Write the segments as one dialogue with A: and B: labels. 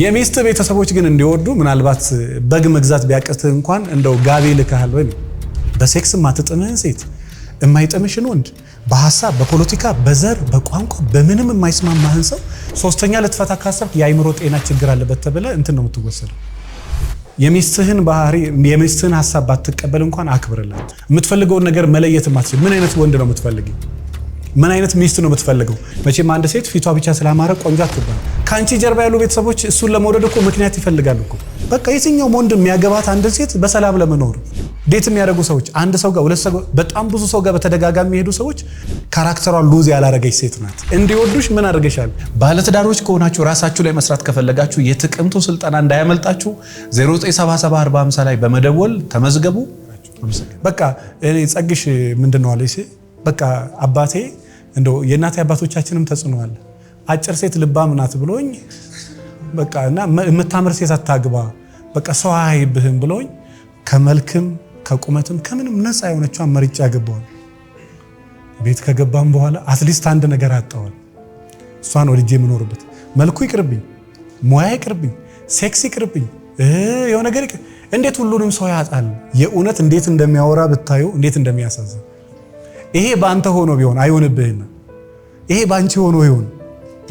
A: የሚስት ቤተሰቦች ግን እንዲወዱ ምናልባት በግ መግዛት ቢያቅትህ እንኳን እንደው ጋቢ ልካሃል ወይ? በሴክስ ማትጥምህን ሴት የማይጥምሽን ወንድ በሀሳብ በፖለቲካ በዘር በቋንቋ በምንም የማይስማማህን ሰው ሶስተኛ ልትፈታ ካሰብክ የአይምሮ ጤና ችግር አለበት ተብለ እንትን ነው የምትወሰደው። የሚስትህን ባህሪ የሚስትህን ሀሳብ ባትቀበል እንኳን አክብርላት። የምትፈልገውን ነገር መለየት ማትችል ምን አይነት ወንድ ነው የምትፈልግ? ምን አይነት ሚስት ነው የምትፈልገው? መቼም አንድ ሴት ፊቷ ብቻ ስላማረ ቆንጆ አትባል። ከአንቺ ጀርባ ያሉ ቤተሰቦች እሱን ለመውደድ እኮ ምክንያት ይፈልጋሉ እኮ። በቃ የትኛውም ወንድ የሚያገባት አንድ ሴት በሰላም ለመኖር ዴት የሚያደርጉ ሰዎች አንድ ሰው ጋር ሁለት ሰው በጣም ብዙ ሰው ጋር በተደጋጋሚ የሄዱ ሰዎች ካራክተሯ ሉዝ ያላረገች ሴት ናት። እንዲወዱሽ ምን አድርገሻል? ባለትዳሮች ከሆናችሁ ራሳችሁ ላይ መስራት ከፈለጋችሁ የጥቅምቱ ስልጠና እንዳያመልጣችሁ 0977 ላይ በመደወል ተመዝገቡ። በቃ ጸግሽ ምንድን ነው በቃ አባቴ እንደ የእናቴ አባቶቻችንም ተጽዕኖ አለ። አጭር ሴት ልባም ናት ብሎኝ በቃ እና የምታምር ሴት አታግባ በቃ ሰው አይብህም ብሎኝ ከመልክም ከቁመትም ከምንም ነፃ የሆነቿን መርጫ ያገባዋል። ቤት ከገባም በኋላ አትሊስት አንድ ነገር አጣዋል። እሷን ወድጄ የምኖርበት መልኩ ይቅርብኝ፣ ሙያ ይቅርብኝ፣ ሴክስ ይቅርብኝ፣ የሆነ ነገር እንዴት ሁሉንም ሰው ያጣል። የእውነት እንዴት እንደሚያወራ ብታዩ እንዴት እንደሚያሳዝን ይሄ በአንተ ሆኖ ቢሆን አይሆንብህም። ይሄ በአንቺ ሆኖ ይሁን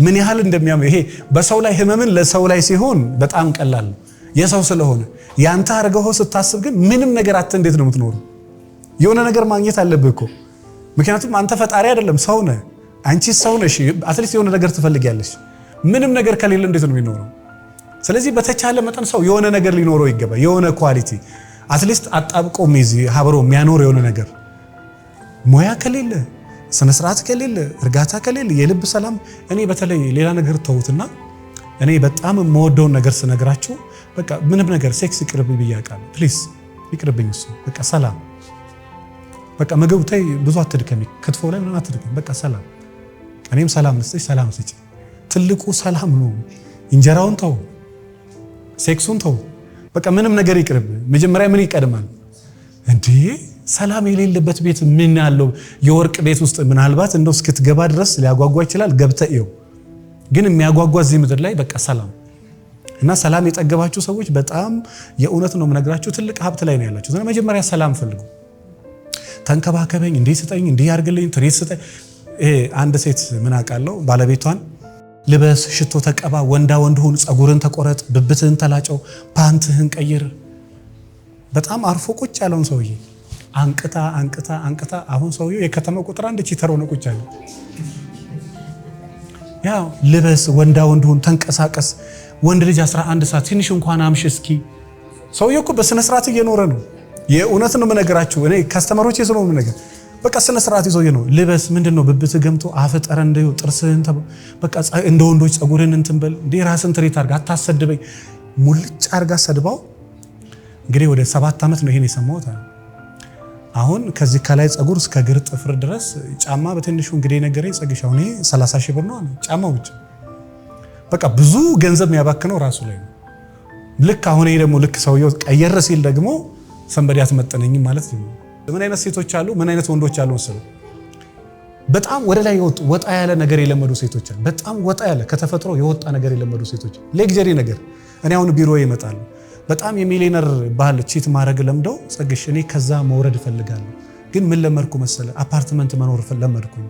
A: ምን ያህል እንደሚያም ይሄ በሰው ላይ ህመምን ለሰው ላይ ሲሆን በጣም ቀላል ነው የሰው ስለሆነ ያንተ አርገሆ ስታስብ ግን ምንም ነገር አተ እንዴት ነው የምትኖሩ? የሆነ ነገር ማግኘት አለብህ እኮ ምክንያቱም አንተ ፈጣሪ አይደለም ሰው ነህ። አንቺ ሰው ነሽ። አትሊስት የሆነ ነገር ትፈልጊያለሽ። ምንም ነገር ከሌለ እንዴት ነው የሚኖረው? ስለዚህ በተቻለ መጠን ሰው የሆነ ነገር ሊኖረው ይገባል የሆነ ኳሊቲ አትሊስት አጣብቆ ሚዚ ሀብሮ የሚያኖር የሆነ ነገር ሙያ ከሌለ ስነ ስርዓት ከሌለ እርጋታ ከሌለ የልብ ሰላም እኔ በተለይ ሌላ ነገር ተውትና እኔ በጣም የምወደውን ነገር ስነግራችሁ በቃ ምንም ነገር ሴክስ ይቅርብ ብያቃል። ፕሊዝ ይቅርብኝ። እሱ በቃ ሰላም በቃ ምግብ ታይ ብዙ አትድከሚ፣ ክትፎ ላይ ምንም አትድከሚ። በቃ ሰላም እኔም ሰላም ስጭ፣ ሰላም ስጭ። ትልቁ ሰላም ነው። እንጀራውን ተው፣ ሴክሱን ተው፣ በቃ ምንም ነገር ይቅርብ። መጀመሪያ ምን ይቀድማል እንዴ? ሰላም የሌለበት ቤት ምን ያለው የወርቅ ቤት ውስጥ ምናልባት እንደው እስክትገባ ድረስ ሊያጓጓ ይችላል። ገብተ ው ግን የሚያጓጓ እዚህ ምድር ላይ በቃ ሰላም እና ሰላም የጠገባችሁ ሰዎች በጣም የእውነት ነው የምነግራችሁ፣ ትልቅ ሀብት ላይ ነው ያላችሁ። መጀመሪያ ሰላም ፈልጉ። ተንከባከበኝ፣ እንዲህ ስጠኝ፣ እንዲህ ያርግልኝ፣ ትርኢት ስጠኝ። አንድ ሴት ምን አውቃለሁ ባለቤቷን ልበስ፣ ሽቶ ተቀባ፣ ወንዳ ወንድ ሁን፣ ፀጉርን ተቆረጥ፣ ብብትህን ተላጨው፣ ፓንትህን ቀይር። በጣም አርፎ ቁጭ ያለውን ሰውዬ አንቅታ አንቅታ አንቅታ አሁን ሰውየው የከተማው ቁጥር አንድ ቺተር ሆነ ቁጭ አለ። ያው ልበስ፣ ወንዳ ወንድ ሁን፣ ተንቀሳቀስ፣ ወንድ ልጅ 11 ሰዓት ትንሽ እንኳን አምሽ። እስኪ ሰውየው እኮ በስነ ስርዓት እየኖረ ነው። የእውነት ነው የምነግራችሁ እኔ ከስተመሮች የሰው ነገር በቃ ስነ ስርዓት ይዞ ነው። ልበስ ምንድን ነው ብብት ገምቶ አፍጠረ እንደ ጥርስህን በቃ እንደ ወንዶች ጸጉርን እንትን በል እንደ ራስን ትሬት አርጋ አታሰድበኝ ሙልጭ አርጋ ሰድባው። እንግዲህ ወደ ሰባት ዓመት ነው ይሄን የሰማሁት አሁን ከዚህ ከላይ ጸጉር እስከ ግር ጥፍር ድረስ ጫማ በትንሹ እንግዲህ የነገረኝ ጸግሽ አሁን 30 ሺህ ብር ነው አለ ጫማው ብቻ። በቃ ብዙ ገንዘብ የሚያባክነው ራሱ ላይ ነው። ልክ አሁን ይሄ ደግሞ ልክ ሰውየው ቀየር ሲል ደግሞ ሰንበዴ አትመጠነኝም ማለት ነው። ምን አይነት ሴቶች አሉ፣ ምን አይነት ወንዶች አሉ መሰለህ? በጣም ወደ ላይ የወጡ ወጣ ያለ ነገር የለመዱ ሴቶች አሉ። በጣም ወጣ ያለ ከተፈጥሮ የወጣ ነገር የለመዱ ሴቶች፣ ሌግጀሪ ነገር። እኔ አሁን ቢሮ ይመጣል በጣም የሚሊነር ባህል ቺት ማድረግ ለምደው ጸግሽ፣ እኔ ከዛ መውረድ እፈልጋለሁ። ግን ምን ለመድኩ መሰለ አፓርትመንት መኖር ለመድኩኝ።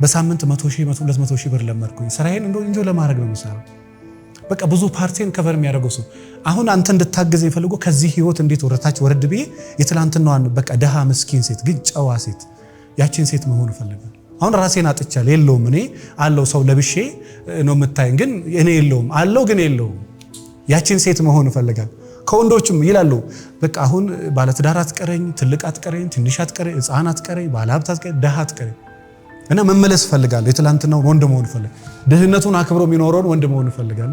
A: በሳምንት 100 200 ሺህ ብር ለመድኩኝ። ስራዬን እንዶ እንጆ ለማድረግ ነው የምሰራው። በቃ ብዙ ፓርቲን ከቨር የሚያደርገው ሰው አሁን አንተ እንድታገዝ የሚፈልገው ከዚህ ህይወት እንዴት ወረታች ወረድ ብዬ የትላንትናዋን በቃ ደሃ ምስኪን ሴት ግን ጨዋ ሴት ያችን ሴት መሆን ፈልጋል አሁን ራሴን አጥቻለሁ። የለውም እኔ አለው ሰው ለብሼ ነው የምታይን፣ ግን እኔ የለውም አለው ግን የለውም። ያችን ሴት መሆን ፈልጋል። ከወንዶችም ይላሉ በቃ አሁን ባለትዳር አትቀረኝ፣ ትልቅ አትቀረኝ፣ ትንሽ አትቀረኝ፣ ህፃን አትቀረኝ፣ ባለሀብት አትቀረኝ፣ ድሃ አትቀረኝ እና መመለስ እፈልጋለሁ። የትላንትናውን ወንድ መሆን እፈልጋለሁ። ድህነቱን አክብሮ የሚኖረውን ወንድ መሆን ይፈልጋል።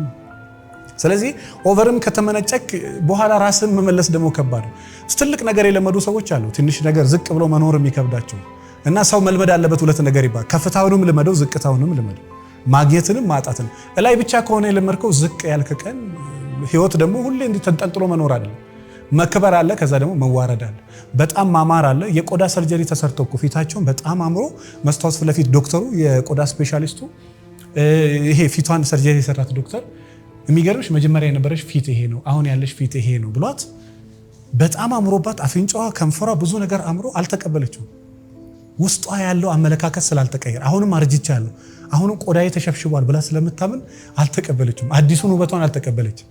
A: ስለዚህ ኦቨርም ከተመነጨክ በኋላ ራስን መመለስ ደግሞ ከባድ ነው። ትልቅ ነገር የለመዱ ሰዎች አሉ፣ ትንሽ ነገር ዝቅ ብሎ መኖር የሚከብዳቸው እና ሰው መልመድ አለበት ሁለት ነገር ይባል፣ ከፍታውንም ልመደው፣ ዝቅታውንም ልመደው፣ ማግኘትንም ማጣትን። እላይ ብቻ ከሆነ የለመድከው ዝቅ ያልክ ቀን ህይወት ደግሞ ሁሌ እንዲህ ተንጠልጥሎ መኖር አይደለም። መክበር አለ፣ ከዛ ደግሞ መዋረድ አለ። በጣም ማማር አለ። የቆዳ ሰርጀሪ ተሰርቶ እኮ ፊታቸውን በጣም አምሮ መስታወት ፊት ለፊት ዶክተሩ፣ የቆዳ ስፔሻሊስቱ ይሄ ፊቷን ሰርጀሪ የሰራት ዶክተር የሚገርምሽ መጀመሪያ የነበረሽ ፊት ይሄ ነው፣ አሁን ያለሽ ፊት ይሄ ነው ብሏት በጣም አምሮባት አፍንጫዋ፣ ከንፈሯ ብዙ ነገር አምሮ አልተቀበለችው። ውስጧ ያለው አመለካከት ስላልተቀየረ አሁንም አርጅቻለሁ፣ አሁንም ቆዳዬ ተሸብሽቧል ብላ ስለምታምን አልተቀበለችም። አዲሱን ውበቷን አልተቀበለችም።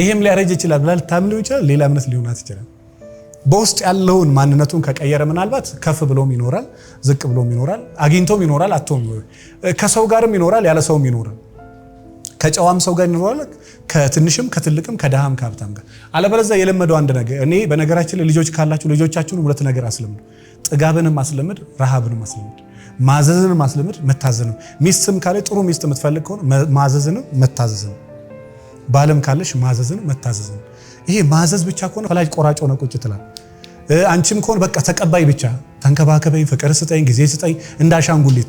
A: ይሄም ሊያረጅ ይችላል ብላ ልታምን ይችላል። ሌላ እምነት ሊሆናት ይችላል። በውስጥ ያለውን ማንነቱን ከቀየረ ምናልባት ከፍ ብሎም ይኖራል፣ ዝቅ ብሎም ይኖራል፣ አግኝቶም ይኖራል፣ አቶም ይኖራል፣ ከሰው ጋርም ይኖራል፣ ያለ ሰውም ይኖራል፣ ከጨዋም ሰው ጋር ይኖራል፣ ከትንሽም ከትልቅም፣ ከድሃም ከሀብታም ጋር። አለበለዚያ የለመደው አንድ ነገር እኔ በነገራችን ላይ ልጆች ካላችሁ ልጆቻችሁን ሁለት ነገር አስለምዱ። ጥጋብንም አስለምድ፣ ረሃብንም አስለምድ፣ ማዘዝንም አስለምድ፣ መታዘዝንም። ሚስትም ካለ ጥሩ ሚስት የምትፈልግ ከሆነ ማዘዝንም መታዘዝንም በዓለም ካለሽ ማዘዝን መታዘዝን። ይሄ ማዘዝ ብቻ ከሆነ ፈላጅ ቆራጭ ሆነ ቁጭ ትላል። አንቺም ከሆነ በቃ ተቀባይ ብቻ ተንከባከበኝ፣ ፍቅር ስጠኝ፣ ጊዜ ስጠኝ እንዳሻንጉሊት።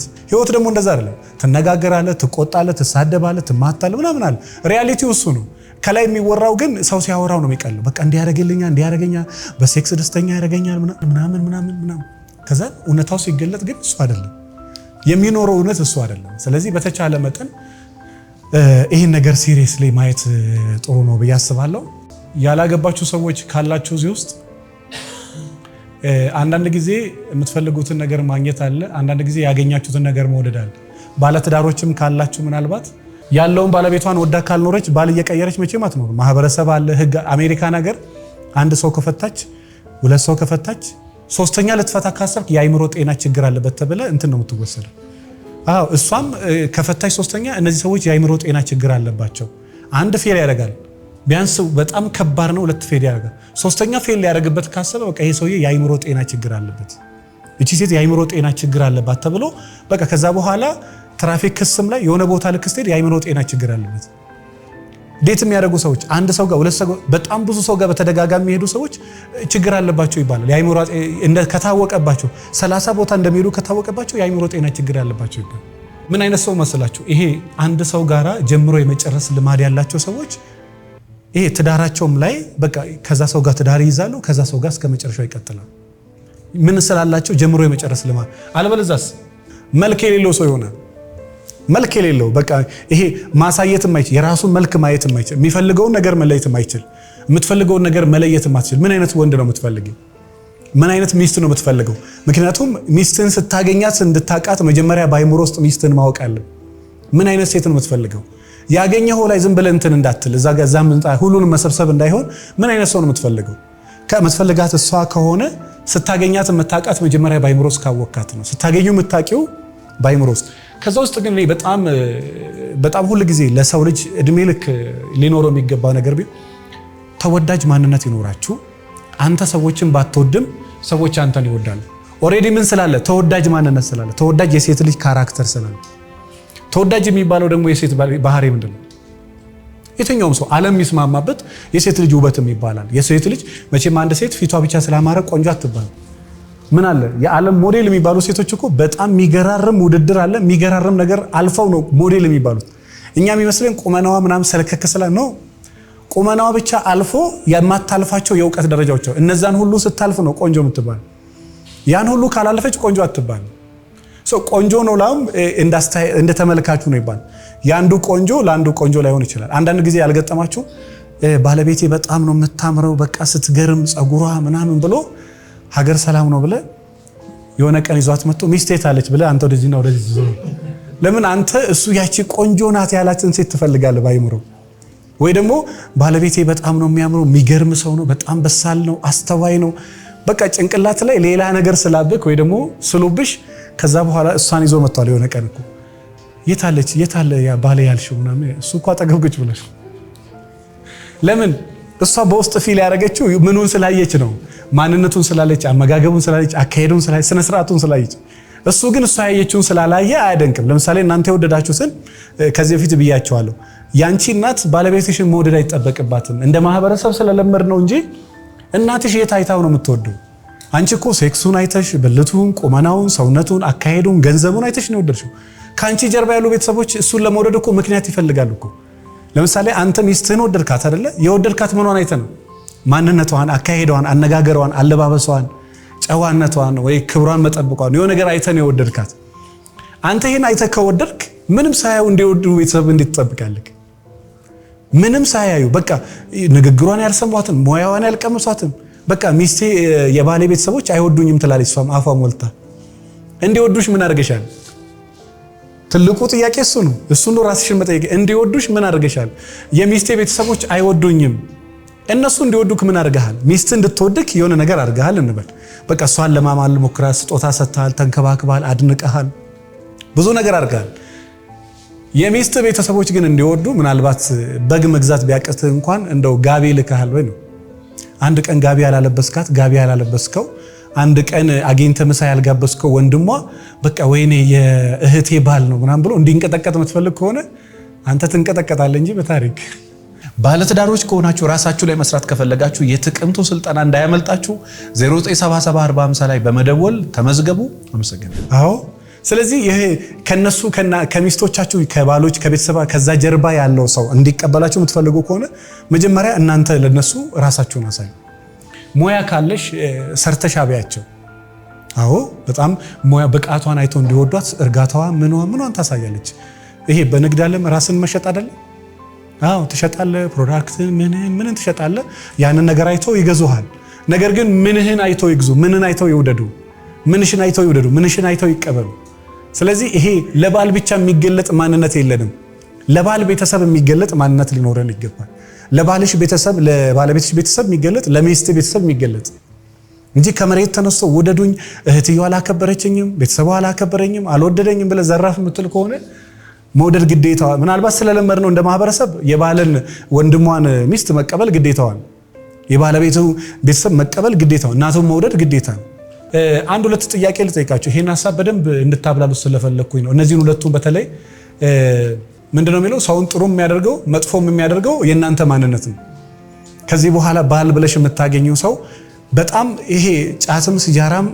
A: አሻንጉሊት። ህይወት ደግሞ እንደዛ አይደለም። ትነጋገራለ፣ ትቆጣለ ትሳደባለ ትማታለ ምናምን አለ። ሪያሊቲው እሱ ነው። ከላይ የሚወራው ግን ሰው ሲያወራው ነው የሚቀለው። በቃ እንዲያደርግልኛል እንዲያደርገኛ በሴክስ ደስተኛ ያደርገኛል ምናምን ምናምን ምናምን። ከዛ እውነታው ሲገለጥ ግን እሱ አይደለም የሚኖረው እውነት እሱ አይደለም። ስለዚህ በተቻለ መጠን ይህን ነገር ሲሪየስሊ ማየት ጥሩ ነው ብዬ አስባለሁ። ያላገባችሁ ሰዎች ካላችሁ እዚህ ውስጥ አንዳንድ ጊዜ የምትፈልጉትን ነገር ማግኘት አለ። አንዳንድ ጊዜ ያገኛችሁትን ነገር መውደድ አለ። ባለትዳሮችም ካላችሁ ምናልባት ያለውን ባለቤቷን ወዳ ካልኖረች ባል እየቀየረች መቼም አትኖር። ማህበረሰብ አለ፣ ህግ። አሜሪካን ሀገር አንድ ሰው ከፈታች ሁለት ሰው ከፈታች ሶስተኛ ልትፈታ ካሰብክ የአይምሮ ጤና ችግር አለበት ተብለ እንትን ነው የምትወሰደው። አዎ እሷም ከፈታች ሶስተኛ፣ እነዚህ ሰዎች የአይምሮ ጤና ችግር አለባቸው። አንድ ፌል ያደርጋል ቢያንስ በጣም ከባድ ነው። ሁለት ፌል ያደርጋል። ሶስተኛ ፌል ሊያደርግበት ካሰበ በቃ ይሄ ሰውዬ የአይምሮ ጤና ችግር አለበት፣ እቺ ሴት የአይምሮ ጤና ችግር አለባት ተብሎ በቃ ከዛ በኋላ ትራፊክ ክስም ላይ የሆነ ቦታ ልክ ስትሄድ የአይምሮ ጤና ችግር አለበት ዴት የሚያደርጉ ሰዎች አንድ ሰው ጋር ሁለት ሰው በጣም ብዙ ሰው ጋር በተደጋጋሚ የሚሄዱ ሰዎች ችግር አለባቸው ይባላል። የአይምሮ ከታወቀባቸው ሰላሳ ቦታ እንደሚሄዱ ከታወቀባቸው የአይምሮ ጤና ችግር አለባቸው ይባላል። ምን አይነት ሰው መስላችሁ? ይሄ አንድ ሰው ጋራ ጀምሮ የመጨረስ ልማድ ያላቸው ሰዎች ይሄ ትዳራቸውም ላይ በቃ ከዛ ሰው ጋር ትዳር ይይዛሉ፣ ከዛ ሰው ጋር እስከ መጨረሻው ይቀጥላል። ምን ስላላቸው ጀምሮ የመጨረስ ልማድ። አለበለዚያስ መልክ የሌለው ሰው ይሆናል። መልክ የሌለው በቃ ይሄ ማሳየት የማይችል የራሱን መልክ ማየት የማይችል የሚፈልገውን ነገር መለየት የማይችል የምትፈልገውን ነገር መለየት የማትችል ምን አይነት ወንድ ነው የምትፈልግ? ምን አይነት ሚስት ነው የምትፈልገው? ምክንያቱም ሚስትን ስታገኛት እንድታቃት መጀመሪያ በአይምሮ ውስጥ ሚስትን ማወቅ አለ። ምን አይነት ሴት ነው የምትፈልገው? ያገኘው ላይ ዝም ብለህ እንትን እንዳትል እዛ ጋዛ ሁሉንም መሰብሰብ እንዳይሆን ምን አይነት ሰው ነው የምትፈልገው? ከምትፈልጋት እሷ ከሆነ ስታገኛት የምታውቃት መጀመሪያ በአይምሮ ውስጥ ካወቃት ነው። ስታገኙ የምታውቂው በአይምሮ ውስጥ ከዛ ውስጥ ግን እኔ በጣም በጣም ሁል ጊዜ ለሰው ልጅ እድሜ ልክ ሊኖረው የሚገባ ነገር ቢሆን ተወዳጅ ማንነት ይኖራችሁ። አንተ ሰዎችን ባትወድም ሰዎች አንተን ይወዳሉ። ኦሬዲ ምን ስላለ? ተወዳጅ ማንነት ስላለ፣ ተወዳጅ የሴት ልጅ ካራክተር ስላለ። ተወዳጅ የሚባለው ደግሞ የሴት ባህሪ ምንድን ነው? የትኛውም ሰው ዓለም የሚስማማበት የሴት ልጅ ውበትም ይባላል። የሴት ልጅ መቼም አንድ ሴት ፊቷ ብቻ ስላማረ ቆንጆ አትባልም። ምን አለ የዓለም ሞዴል የሚባሉ ሴቶች እኮ በጣም የሚገራርም ውድድር አለ። የሚገራርም ነገር አልፈው ነው ሞዴል የሚባሉት። እኛ የሚመስለን ቁመናዋ ምናምን ሰልከክ ስላ ነው። ቁመናዋ ብቻ አልፎ የማታልፋቸው የእውቀት ደረጃዎች እነዛን ሁሉ ስታልፍ ነው ቆንጆ የምትባል። ያን ሁሉ ካላለፈች ቆንጆ አትባል። ቆንጆ ነው ላም እንደተመልካችሁ ነው ይባል። የአንዱ ቆንጆ ለአንዱ ቆንጆ ላይሆን ይችላል። አንዳንድ ጊዜ ያልገጠማችሁ ባለቤቴ በጣም ነው የምታምረው፣ በቃ ስትገርም ጸጉሯ ምናምን ብሎ ሀገር ሰላም ነው ብለ የሆነ ቀን ይዟት መጥቶ ሚስቴ ታለች ብለ አንተ ወደዚህና ወደዚህ ዞር። ለምን አንተ እሱ ያቺ ቆንጆ ናት ያላትን ሴት ትፈልጋለህ ባይምሮ ወይ ደግሞ ባለቤቴ በጣም ነው የሚያምረው፣ የሚገርም ሰው ነው፣ በጣም በሳል ነው፣ አስተዋይ ነው። በቃ ጭንቅላት ላይ ሌላ ነገር ስላብክ ወይ ደግሞ ስሉብሽ ከዛ በኋላ እሷን ይዞ መጥቷል። የሆነ ቀን እኮ የታለች የታለ ባለ ያልሽው ምናምን እሱ እኮ አጠገብ ብለሽ ለምን እሷ በውስጥ ፊል ያደረገችው ምኑን ስላየች ነው። ማንነቱን ስላለች፣ አመጋገቡን ስላለች፣ አካሄዱን ስላለች፣ ስነ ስርዓቱን ስላየች። እሱ ግን እሷ ያየችውን ስላላየ አያደንቅም። ለምሳሌ እናንተ የወደዳችሁትን ከዚህ በፊት ብያቸዋለሁ። ያንቺ እናት ባለቤትሽን መውደድ አይጠበቅባትም። እንደ ማህበረሰብ ስለለመድ ነው እንጂ እናትሽ የት አይታው ነው የምትወደው? አንቺ እኮ ሴክሱን አይተሽ፣ ብልቱን፣ ቁመናውን፣ ሰውነቱን፣ አካሄዱን፣ ገንዘቡን አይተሽ ነው የወደድሽው። ከአንቺ ጀርባ ያሉ ቤተሰቦች እሱን ለመውደድ እኮ ምክንያት ይፈልጋሉ እኮ ለምሳሌ አንተ ሚስትህን ወደድካት አይደለ? የወደድካት ምኗን አይተ ነው? ማንነቷን፣ አካሄደዋን፣ አነጋገሯን፣ አለባበሷን፣ ጨዋነቷን ወይ ክብሯን መጠብቋን የሆነ ነገር አይተ ነው የወደድካት። አንተ ይህን አይተ ከወደድክ ምንም ሳያዩ እንዲወዱ ቤተሰብ እንዴት ትጠብቃለህ? ምንም ሳያዩ በቃ ንግግሯን ያልሰሟትም ሙያዋን ያልቀመሷትም? በቃ ሚስቴ የባሌ ቤተሰቦች አይወዱኝም ትላለች። እሷም አፏ ሞልታ እንዲወዱሽ ምን አድርገሻል? ትልቁ ጥያቄ እሱ ነው። እሱ ነው ራስሽን መጠየቅ። እንዲወዱሽ ምን አድርገሻል? የሚስቴ ቤተሰቦች አይወዱኝም። እነሱ እንዲወዱክ ምን አድርገሃል? ሚስት እንድትወድክ የሆነ ነገር አድርገሃል እንበል። በቃ እሷን ለማማል ሞክራል፣ ስጦታ ሰጥተሃል፣ ተንከባክበሃል፣ አድንቀሃል፣ ብዙ ነገር አድርገሃል። የሚስት ቤተሰቦች ግን እንዲወዱ ምናልባት በግ መግዛት ቢያቅትህ እንኳን እንደው ጋቢ ልክሃል ወይ ነው። አንድ ቀን ጋቢ ያላለበስካት ጋቢ ያላለበስከው አንድ ቀን አግኝተ ምሳ ያልጋበዝከው ወንድሟ በቃ ወይኔ የእህቴ ባል ነው ምናምን ብሎ እንዲንቀጠቀጥ የምትፈልግ ከሆነ አንተ ትንቀጠቀጣለ እንጂ በታሪክ ባለትዳሮች ከሆናችሁ ራሳችሁ ላይ መስራት ከፈለጋችሁ የጥቅምቱ ስልጠና እንዳያመልጣችሁ 0977450 ላይ በመደወል ተመዝገቡ። አመሰግናለሁ። አዎ ስለዚህ ይሄ ከነሱ ከሚስቶቻችሁ ከባሎች ከቤተሰባ ከዛ ጀርባ ያለው ሰው እንዲቀበላችሁ የምትፈልጉ ከሆነ መጀመሪያ እናንተ ለነሱ ራሳችሁን አሳዩ። ሙያ ካለሽ ሰርተሽ አብያቸው። አዎ በጣም ሙያ ብቃቷን አይተው እንዲወዷት እርጋታዋ፣ ምኗ ምኗን ታሳያለች። ይሄ በንግድ ዓለም ራስን መሸጥ አደለ? አዎ ትሸጣለ፣ ፕሮዳክት ምንህን ምንን ትሸጣለ። ያንን ነገር አይተው ይገዙሃል። ነገር ግን ምንህን አይተው ይግዙ፣ ምንን አይተው ይውደዱ፣ ምንሽን አይተው ይውደዱ፣ ምንሽን አይተው ይቀበሉ። ስለዚህ ይሄ ለባል ብቻ የሚገለጥ ማንነት የለንም። ለባል ቤተሰብ የሚገለጥ ማንነት ሊኖረን ይገባል። ለባልሽ ቤተሰብ ለባለቤትሽ ቤተሰብ የሚገለጥ ለሚስት ቤተሰብ የሚገለጥ እንጂ ከመሬት ተነስቶ ውደዱኝ፣ እህትዮ አላከበረችኝም፣ ቤተሰቡ አላከበረኝም፣ አልወደደኝም ብለ ዘራፍ የምትል ከሆነ መውደድ ግዴታ ምናልባት ስለለመድ ነው እንደ ማህበረሰብ የባልን ወንድሟን ሚስት መቀበል ግዴታዋን የባለቤቱ ቤተሰብ መቀበል ግዴታ እናቱን መውደድ ግዴታ ነው። አንድ ሁለት ጥያቄ ልጠይቃቸው። ይሄን ሀሳብ በደንብ እንድታብላሉ ስለፈለግኩኝ ነው። እነዚህን ሁለቱን በተለይ ምንድነው የሚለው? ሰውን ጥሩ የሚያደርገው መጥፎም የሚያደርገው የእናንተ ማንነት ነው። ከዚህ በኋላ ባል ብለሽ የምታገኘው ሰው በጣም ይሄ ጫትም ሲጃራም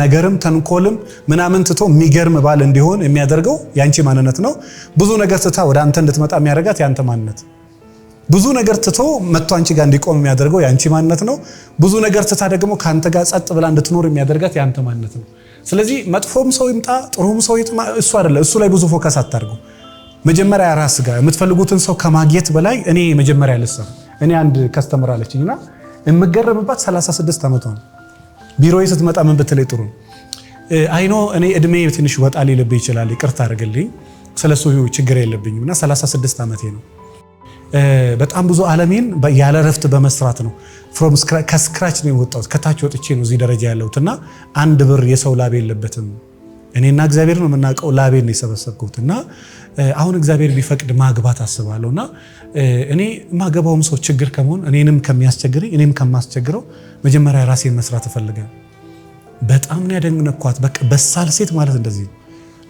A: ነገርም ተንኮልም ምናምን ትቶ የሚገርም ባል እንዲሆን የሚያደርገው ያንቺ ማንነት ነው። ብዙ ነገር ትታ ወደ አንተ እንድትመጣ የሚያደርጋት ያንተ ማንነት፣ ብዙ ነገር ትቶ መጥቶ አንቺ ጋር እንዲቆም የሚያደርገው ያንቺ ማንነት ነው። ብዙ ነገር ትታ ደግሞ ከአንተ ጋር ጸጥ ብላ እንድትኖር የሚያደርጋት ያንተ ማንነት ነው። ስለዚህ መጥፎም ሰው ይምጣ ጥሩም ሰው ይጥማ፣ እሱ አይደለ እሱ ላይ ብዙ ፎከስ አታርገው። መጀመሪያ ራስ ጋር የምትፈልጉትን ሰው ከማግኘት በላይ እኔ መጀመሪያ ልሳ እኔ አንድ ከስተምር አለችኝ እና የምገረምባት 36 ዓመቷ ነው። ቢሮ ስትመጣ ምን ብትለኝ ጥሩ ነው አይኖ እኔ እድሜ ትንሽ ወጣ ሊልብ ይችላል፣ ይቅርታ አድርግልኝ። ስለሱ ችግር የለብኝም እና 36 ዓመቴ ነው። በጣም ብዙ ዓለሜን ያለ ረፍት በመስራት ነው። ፍሮም ከስክራች ነው የወጣሁት፣ ከታች ወጥቼ ነው እዚህ ደረጃ ያለሁት እና አንድ ብር የሰው ላብ የለበትም እኔና እግዚአብሔር ነው የምናውቀው። ላቤን ነው የሰበሰብኩት እና አሁን እግዚአብሔር ቢፈቅድ ማግባት አስባለሁ እና እኔ ማገባውም ሰው ችግር ከመሆን እኔንም ከሚያስቸግረኝ እኔም ከማስቸግረው መጀመሪያ ራሴን መስራት እፈልጋለሁ። በጣም ነው ያደነኳት። በቃ በሳል ሴት ማለት እንደዚህ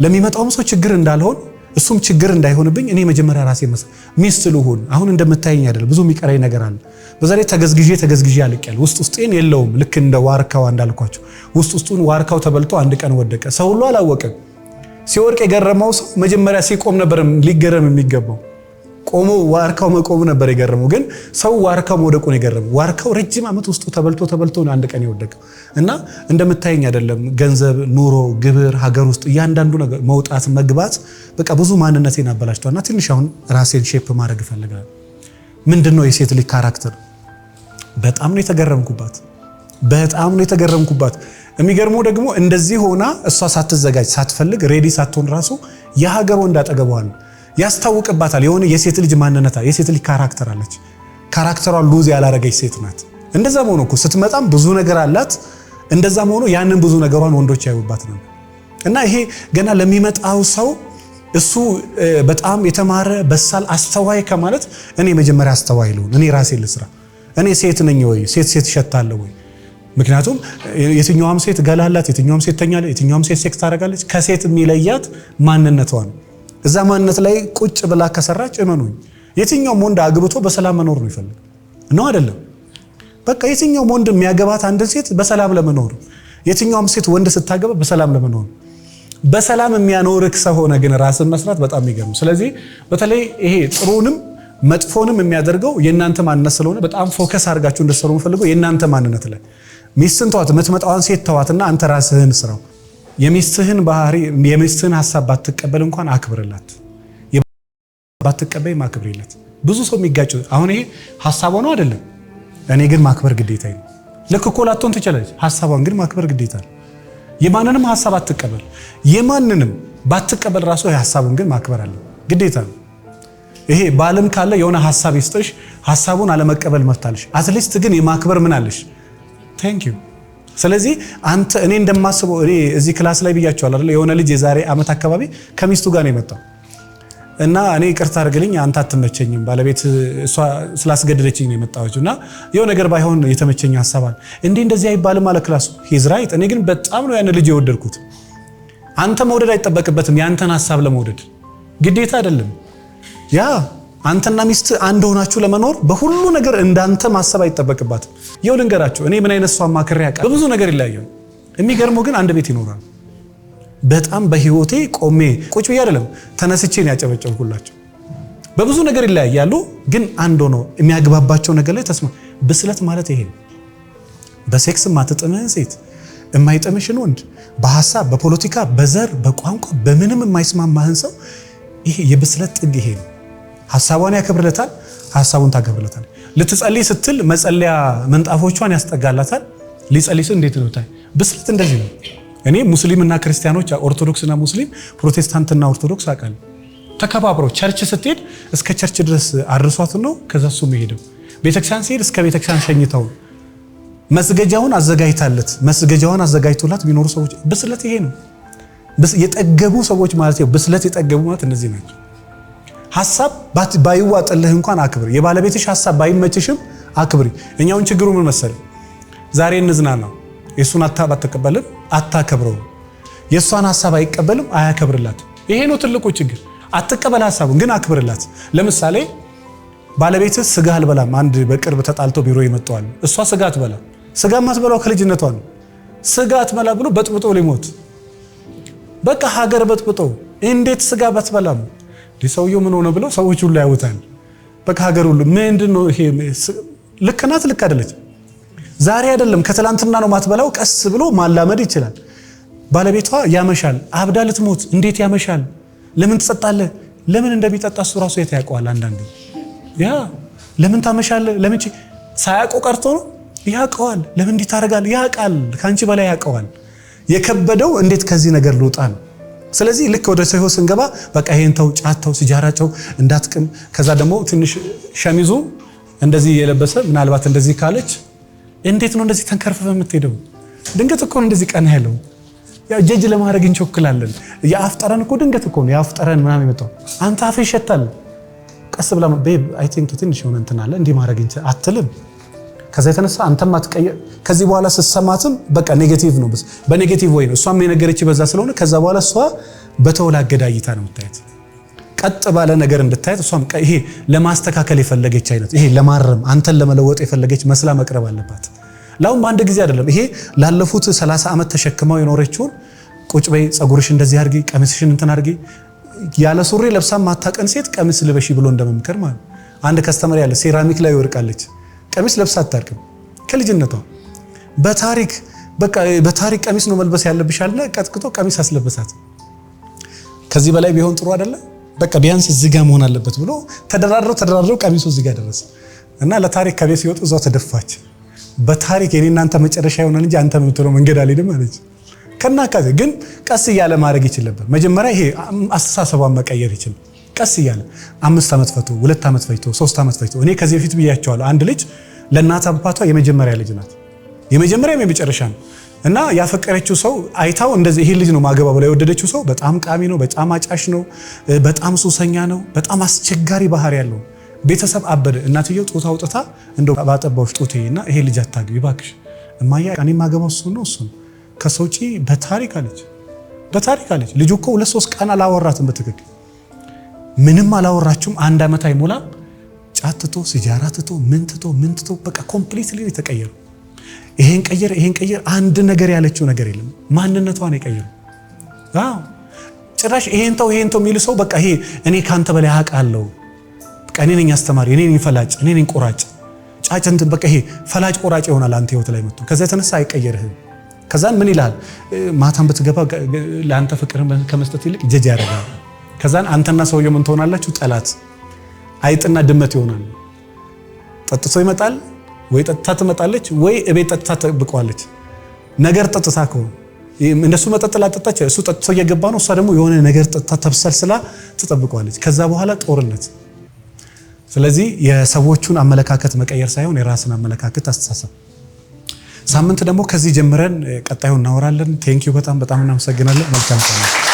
A: ለሚመጣውም ሰው ችግር እንዳልሆን እሱም ችግር እንዳይሆንብኝ እኔ መጀመሪያ ራሴ መስ ሚስት ልሁን። አሁን እንደምታየኝ አይደለም፣ ብዙ የሚቀረኝ ነገር አለ። በዛ ላይ ተገዝግዤ ተገዝግዤ አልቄያለሁ። ውስጥ ውስጤን የለውም። ልክ እንደ ዋርካው እንዳልኳቸው ውስጥ ውስጡን ዋርካው ተበልቶ አንድ ቀን ወደቀ። ሰው ሁሉ አላወቀም። ሲወርቅ የገረመው ሰው መጀመሪያ ሲቆም ነበር ሊገረም የሚገባው። ቆሞ ዋርካው መቆሙ ነበር የገረመው። ግን ሰው ዋርካው መውደቁ ነው የገረመው። ዋርካው ረጅም ዓመት ውስጡ ተበልቶ ተበልቶ ነው አንድ ቀን የወደቀው እና እንደምታየኝ አይደለም። ገንዘብ፣ ኑሮ፣ ግብር፣ ሀገር ውስጥ እያንዳንዱ ነገር መውጣት፣ መግባት በቃ ብዙ ማንነቴን አበላሽቷል። እና ትንሽ አሁን ራሴን ሼፕ ማድረግ እፈልጋለሁ። ምንድን ነው የሴት ልጅ ካራክተር? በጣም ነው የተገረምኩባት። በጣም ነው የተገረምኩባት። የሚገርመው ደግሞ እንደዚህ ሆና እሷ ሳትዘጋጅ ሳትፈልግ ሬዲ ሳትሆን ራሱ የሀገር ወንድ አጠገበዋል ያስታውቅባታል። የሆነ የሴት ልጅ አለ፣ የሴት ልጅ ካራክተር አለች። ካራክተሯ ሉዝ ያላረገች ሴት ናት። እንደዛ ሆኖ እኮ ስትመጣም ብዙ ነገር አላት። እንደዛ ሆኖ ያንን ብዙ ነገሯን ወንዶች ያዩባት ነው። እና ይሄ ገና ለሚመጣው ሰው እሱ በጣም የተማረ በሳል አስተዋይ ከማለት እኔ መጀመሪያ አስተዋይ ልሁን፣ እኔ ራሴ ልስራ፣ እኔ ሴት ነኝ ወይ ሴት ሴት እሸታለሁ ወይ? ምክንያቱም የትኛዋም ሴት ገላላት፣ የትኛውም ሴት ተኛለች፣ የትኛውም ሴት ሴክስ ታደርጋለች። ከሴት የሚለያት ማንነቷ ነው። እዛ ማንነት ላይ ቁጭ ብላ ከሰራች እመኑኝ የትኛውም ወንድ አግብቶ በሰላም መኖር ነው ይፈልግ ነው አይደለም? በቃ የትኛውም ወንድ የሚያገባት አንድን ሴት በሰላም ለመኖር፣ የትኛውም ሴት ወንድ ስታገባ በሰላም ለመኖር በሰላም የሚያኖርክ ሰው ሆነ ግን ራስን መስራት በጣም የሚገርም። ስለዚህ በተለይ ይሄ ጥሩንም መጥፎንም የሚያደርገው የእናንተ ማንነት ስለሆነ በጣም ፎከስ አድርጋችሁ እንድትሰሩ የምፈልገው የእናንተ ማንነት ላይ ሚስትን ተዋት፣ የምትመጣዋን ሴት ተዋትና አንተ ራስህን ስራው የሚስትህን ባህሪ የሚስትህን ሀሳብ ባትቀበል እንኳን አክብርላት፣ ባትቀበይ ማክብርላት። ብዙ ሰው የሚጋጭ አሁን ይሄ ሀሳቧ ነው አይደለም፣ እኔ ግን ማክበር ግዴታ ነው። ልክ እኮ ላትሆን ትችላለች፣ ሀሳቧን ግን ማክበር ግዴታ ነው። የማንንም ሀሳብ አትቀበል፣ የማንንም ባትቀበል ራሱ ሀሳቡን ግን ማክበር አለ ግዴታ ነው። ይሄ ባልም ካለ የሆነ ሀሳብ ይስጥሽ፣ ሀሳቡን አለመቀበል መፍታለሽ፣ አትሊስት ግን የማክበር ምን አለሽ? ታንኪዩ ስለዚህ አንተ እኔ እንደማስበው እኔ እዚህ ክላስ ላይ ብያቸዋል አይደል? የሆነ ልጅ የዛሬ ዓመት አካባቢ ከሚስቱ ጋር ነው የመጣው እና እኔ ቅርታ አድርግልኝ አንተ አትመቸኝም፣ ባለቤት እሷ ስላስገደደችኝ ነው የመጣሁት እና የሆነ ነገር ባይሆን የተመቸኝ ሀሳብ አለ እንዴ እንደዚህ አይባልም አለ ክላሱ። ሂዝ ራይት። እኔ ግን በጣም ነው ያን ልጅ የወደድኩት። አንተ መውደድ አይጠበቅበትም። ያንተን ሀሳብ ለመውደድ ግዴታ አይደለም። ያ አንተና ሚስት አንድ ሆናችሁ ለመኖር በሁሉ ነገር እንዳንተ ማሰብ አይጠበቅባትም። የው ልንገራችሁ፣ እኔ ምን አይነት ሰው አማክሬ ያውቃል። በብዙ ነገር ይለያያል። የሚገርመው ግን አንድ ቤት ይኖራል። በጣም በህይወቴ ቆሜ ቁጭ ብዬ አይደለም ተነስቼ ያጨበጨብኩላቸው። በብዙ ነገር ይለያያሉ፣ ግን አንድ ሆኖ የሚያግባባቸው ነገር ላይ ተስማ ብስለት ማለት ይሄ ነው። በሴክስ ማትጥምህን ሴት የማይጥምሽን ወንድ በሀሳብ በፖለቲካ በዘር በቋንቋ በምንም የማይስማማህን ሰው ይሄ የብስለት ጥግ ይሄ ነው። ሀሳቧን ያከብርለታል፣ ሀሳቡን ታከብርለታል። ልትጸልይ ስትል መጸለያ ምንጣፎቿን ያስጠጋላታል። ሊጸልይ ስትል እንዴት ነው ታይ ብስለት እንደዚህ ነው። እኔ ሙስሊምና ክርስቲያኖች ኦርቶዶክስና ሙስሊም ፕሮቴስታንትና ኦርቶዶክስ አውቃለሁ። ተከባብሮ ቸርች ስትሄድ እስከ ቸርች ድረስ አድርሷት ነው። ከዛ እሱ መሄደው ቤተክርስቲያን ሲሄድ እስከ ቤተክርስቲያን ሸኝተው መስገጃውን አዘጋጅታለት መስገጃውን አዘጋጅቶላት የሚኖሩ ሰዎች ብስለት ይሄ ነው። የጠገቡ ሰዎች ማለት ብስለት የጠገቡ ማለት እነዚህ ናቸው። ሀሳብ ባይዋጥልህ እንኳን አክብር። የባለቤትሽ ሀሳብ ባይመችሽም አክብሪ። እኛውን ችግሩ ምን መሰለህ? ዛሬ እንዝናና፣ የእሱን ሀሳብ አትቀበልም፣ አታከብረው። የእሷን ሀሳብ አይቀበልም፣ አያከብርላት። ይሄ ነው ትልቁ ችግር። አትቀበል ሀሳቡን ግን አክብርላት። ለምሳሌ ባለቤትህ ስጋ አልበላም፣ አንድ በቅርብ ተጣልቶ ቢሮ ይመጣዋል። እሷ ስጋ አትበላ። ስጋ የማትበላው ከልጅነቷ ነው። ስጋ አትበላ ብሎ በጥብጦ ሊሞት በቃ ሀገር በጥብጦ እንዴት ስጋ ባትበላም ሰውየው ምን ሆነ ብለው ሰዎች ሁሉ ያዩታል። በቃ ሀገር ሁሉ ምንድን ነው ይሄ? ልክ ናት፣ ልክ አይደለች። ዛሬ አይደለም ከትላንትና ነው ማትበላው። ቀስ ብሎ ማላመድ ይችላል። ባለቤቷ ያመሻል፣ አብዳ ልትሞት እንዴት ያመሻል? ለምን ትጠጣለህ? ለምን እንደሚጠጣ እሱ ራሱ የት ያውቀዋል? አንዳንዴ ያ ለምን ታመሻለህ? ለምን ሳያውቁ ቀርቶ ነው ያውቀዋል። ለምን እንዲህ ታደርጋለህ? ያውቃል፣ ከአንቺ በላይ ያውቀዋል። የከበደው እንዴት ከዚህ ነገር ልውጣ ነው። ስለዚህ ልክ ወደ ሰው ህይወት ስንገባ በቃ ይሄን ተው፣ ጫት ተው፣ ሲጃራ ጨው እንዳትቅም። ከዛ ደግሞ ትንሽ ሸሚዙ እንደዚህ የለበሰ ምናልባት እንደዚህ ካለች እንዴት ነው እንደዚህ ተንከርፈፈ የምትሄደው? ድንገት እኮ እንደዚህ ቀን ያለው ጀጅ ለማድረግ እንቸኩላለን። የአፍ ጠረን እኮ ድንገት እኮ ነው የአፍ ጠረን ምናምን የመጣው አንተ አፍ ይሸታል። ቀስ ብላ ቤብ አይ ቲንክ ትንሽ የሆነ እንትን አለ እንዲህ ማድረግ አትልም ከዛ የተነሳ አንተም አትቀየር። ከዚህ በኋላ ስትሰማትም በቃ ኔጌቲቭ ነው፣ በኔጌቲቭ ወይ ነው እሷም የነገረች በዛ ስለሆነ ከዛ በኋላ እሷ በተውላ እይታ ነው የምታየት። ቀጥ ባለ ነገር እንድታየት እሷም ይሄ ለማስተካከል የፈለገች አይነት ይሄ ለማረም አንተን ለመለወጥ የፈለገች መስላ መቅረብ አለባት። ለአሁን በአንድ ጊዜ አይደለም። ይሄ ላለፉት 30 ዓመት ተሸክመው የኖረችውን ቁጭ በይ፣ ፀጉርሽ እንደዚህ አድርጊ፣ ቀሚስሽን እንትን አድርጊ ያለ ሱሪ ለብሳ ማታቀን ሴት ቀሚስ ልበሺ ብሎ እንደመምከር ማለት አንድ ከስተመር ያለ ሴራሚክ ላይ ይወርቃለች ቀሚስ ለብሳ አታውቅም ከልጅነቷ። በታሪክ በቃ በታሪክ ቀሚስ ነው መልበስ ያለብሽ አለ። ቀጥቅጦ ቀሚስ አስለበሳት። ከዚህ በላይ ቢሆን ጥሩ አይደለ? በቃ ቢያንስ እዚህ ጋር መሆን አለበት ብሎ ተደራድረው ተደራድረው ቀሚሱ እዚህ ጋር ደረሰ እና ለታሪክ ከቤት ሲወጡ እዛው ተደፋች። በታሪክ የኔ እናንተ መጨረሻ ይሆናል እንጂ አንተ የምትለው መንገድ አልሄድም አለች። ከናካቴ ግን ቀስ እያለ ማድረግ ይችል ነበር። መጀመሪያ ይሄ አስተሳሰቧን መቀየር ይችላል ቀስ እያለ አምስት ዓመት ፈቶ ሁለት ዓመት ፈጅቶ ሶስት ዓመት ፈጅቶ እኔ ከዚህ በፊት ብያቸዋለሁ። አንድ ልጅ ለእናት አባቷ የመጀመሪያ ልጅ ናት፣ የመጀመሪያ የመጨረሻ ነው እና ያፈቀረችው ሰው አይታው እንደዚህ ይሄ ልጅ ነው ማገባቡ ላይ የወደደችው ሰው በጣም ቃሚ ነው፣ በጣም አጫሽ ነው፣ በጣም ሱሰኛ ነው፣ በጣም አስቸጋሪ ባህሪ ያለው ቤተሰብ አበደ። እናትየው ጡት አውጥታ እንደ ባጠባዎች ጡቴ እና ይሄ ልጅ አታግቢ እባክሽ እማያ እኔ ማገባው እሱ ነው እሱ ነው ከሰው ውጪ በታሪክ አለች፣ በታሪክ አለች። ልጁ እኮ ሁለት ሶስት ቀን አላወራትም በትክክል ምንም አላወራችሁም። አንድ ዓመት አይሞላም። ጫት ትቶ ሲጃራ ትቶ ምን ትቶ ምን ትቶ በቃ ኮምፕሊትሊ የተቀየሩ ይሄን ቀየር ይሄን ቀየር አንድ ነገር ያለችው ነገር የለም። ማንነቷን የቀየሩ ጭራሽ ይሄን ተው ይሄን ተው የሚሉ ሰው በቃ ይሄ እኔ ካንተ በላይ አውቃለሁ፣ በቃ እኔ ነኝ አስተማሪ፣ እኔ ነኝ ፈላጭ፣ እኔ ነኝ ቆራጭ፣ ጫጭ እንትን በቃ ይሄ ፈላጭ ቆራጭ ይሆናል አንተ ህይወት ላይ መጥቶ ከዛ የተነሳ አይቀየርህም። ከዛን ምን ይላል ማታን ብትገባ ለአንተ ፍቅርን ከመስጠት ይልቅ ጀጅ ያደርጋል። ከዛን አንተና ሰውየው ምን ትሆናላችሁ? ጠላት። አይጥና ድመት ይሆናል። ጠጥቶ ይመጣል ወይ ጠጥታ ትመጣለች ወይ እቤት ጠጥታ ትጠብቀዋለች። ነገር ጠጥታ ከሆነ እንደሱ መጠጥ ላጠጣች እሱ ጠጥቶ እየገባ ነው። እሷ ደግሞ የሆነ ነገር ጠጥታ ተብሰልስላ ትጠብቀዋለች። ከዛ በኋላ ጦርነት። ስለዚህ የሰዎቹን አመለካከት መቀየር ሳይሆን የራስን አመለካከት፣ አስተሳሰብ። ሳምንት ደግሞ ከዚህ ጀምረን ቀጣዩ እናወራለን። ቴንኪዩ በጣም በጣም እናመሰግናለን። መልካም